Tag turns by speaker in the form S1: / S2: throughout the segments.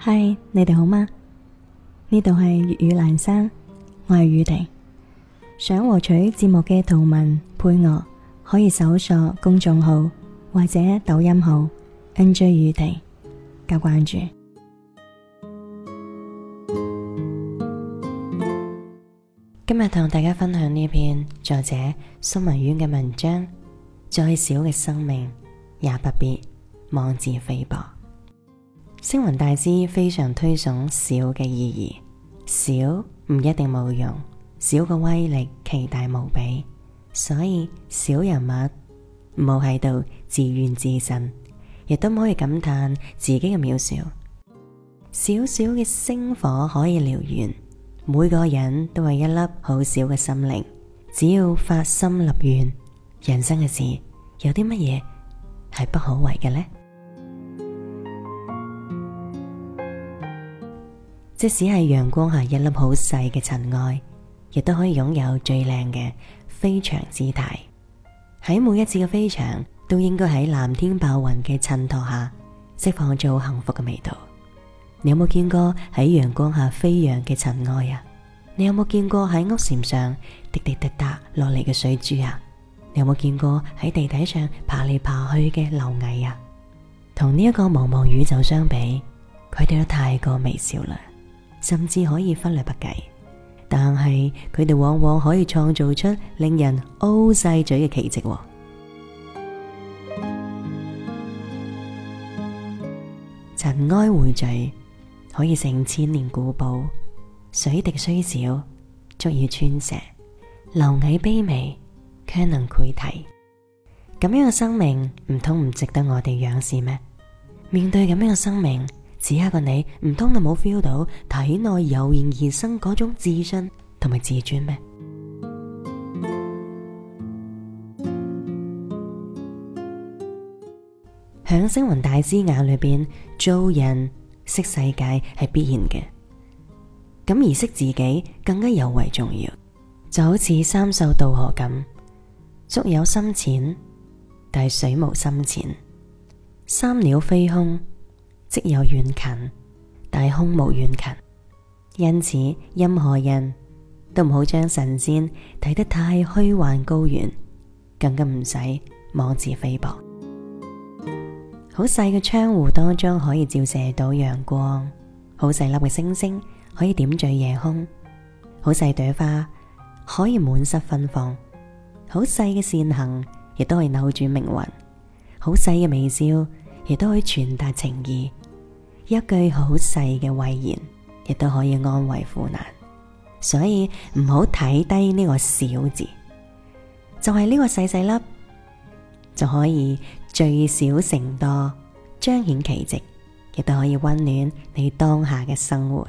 S1: 嗨，Hi, 你哋好嗎？呢度係粵語蘭山，我係宇婷。想獲取節目嘅圖文配樂，可以搜索公眾號或者抖音號 NJ 宇婷加關注。今日同大家分享呢篇作者宿文淵嘅文章。再小嘅生命，也不必妄自菲薄。星雲大師非常推崇小嘅意義，小唔一定冇用小嘅威力奇大無比，所以小人物唔好喺度自怨自艾，亦都唔可以感嘆自己嘅渺小。小小嘅星火可以燎原，每個人都係一粒好小嘅心靈，只要發心立願，人生嘅事有啲乜嘢係不可為嘅呢？即使係陽光下一粒好細嘅塵埃，亦都可以擁有最靚嘅飛翔姿態。喺每一次嘅飛翔，都應該喺藍天白雲嘅襯托下，釋放咗幸福嘅味道。你有冇見過喺陽光下飛揚嘅塵埃啊？你有冇見過喺屋檐上滴滴答答落嚟嘅水珠啊？你有冇見過喺地底上爬嚟爬去嘅螻蟻啊？同呢一個茫茫宇宙相比，佢哋都太過微小啦。甚至可以忽略不計，但係佢哋往往可以創造出令人 O 晒嘴嘅奇迹。塵埃匯聚，可以成千年古堡，水滴雖小，足以穿石，螻蟻卑微，卻能潰堤。咁樣嘅生命唔通唔值得我哋仰視咩？面對咁樣嘅生命，此刻嘅你唔通就冇 feel 到體內油然而生嗰種自信同埋自尊咩？響 星雲大師眼裏邊，做人識世界係必然嘅，咁而識自己更加尤為重要。就好似三獸渡河咁，足有深淺，但係水無深淺，三鳥飛空。即有遠近，但空無遠近。因此，任何人都唔好將神仙睇得太虛幻高遠，更加唔使妄自菲薄。好細嘅窗戶當中可以照射到陽光，好細粒嘅星星可以點綴夜空，好細朵花可以滿室芬芳，好細嘅善行亦都可以扭轉命運，好細嘅微笑，亦都可以傳達情意，一句好細嘅慰言，亦都可以安慰苦難。所以唔好睇低呢個小字，就係呢個細細粒，就可以聚少成多，彰顯奇跡，亦都可以溫暖你當下嘅生活。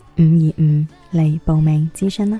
S1: 五二五嚟報名諮詢啦！